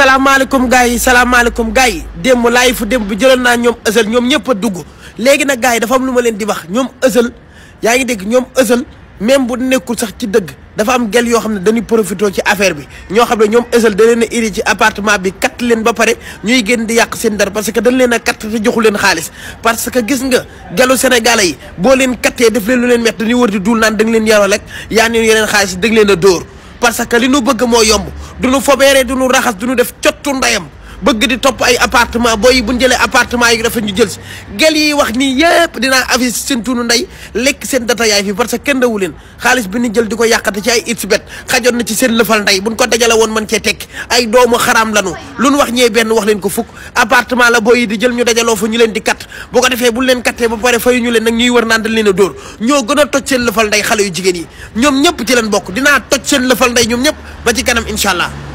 salaamaaleykum gars yi salaamaaleykum gars yi démb laay fu démb bi jëlal naa ñoom ësël ñoom ñëpp a dugg léegi nag gars yi dafa am lu ma leen di wax ñoom ësël yaa ngi dégg ñoom ësël même bu nekkul sax ci dëgg dafa am gel yoo xam ne dañuy profité ci affaire bi ñoo xam ne ñoom ësël da leen a iri ci appartement bi kat leen ba pare ñuy génn di yàq seen dara parce que dañ leen a kat te joxu leen xaalis parce que gis nga gelu sénégalais yi boo leen kattee daf leen leen metti dañuy wër di leen yaroo rek yaa neen yeneen xaalis leen a parce que li nu bëgg moo yomb du nu fobeere du nu raxas du nu def cottu ndeyam bëgg di topp ay appartement booy yi bu ñu jëlee appartement yi dafa ñu jël si gel yi wax nii yëpp dinaa affiche seen tunu ndey lekk seen data yaay fi parce que kenn dawu leen xaalis bi ñu jël di ko yàqate ci ay it bet xajoon na ci seen lëfal ndey buñ ko dajale woon mën cee tekki ay doomu xaraam lanu lu nu wax ñee benn wax leen ko fukk appartement la booy yi di jël ñu dajaloo fa ñu leen di kat boo ko defee buñ leen kattee ba pare fayu ñu leen nag ñuy war naan dañ leen a ñoo gën a toj seen lëfal xale yu jigéen yi ñoom ñëpp ci leen bokk dinaa toj seen lëfal ndey ñoom ñëpp ba ci kanam incha allah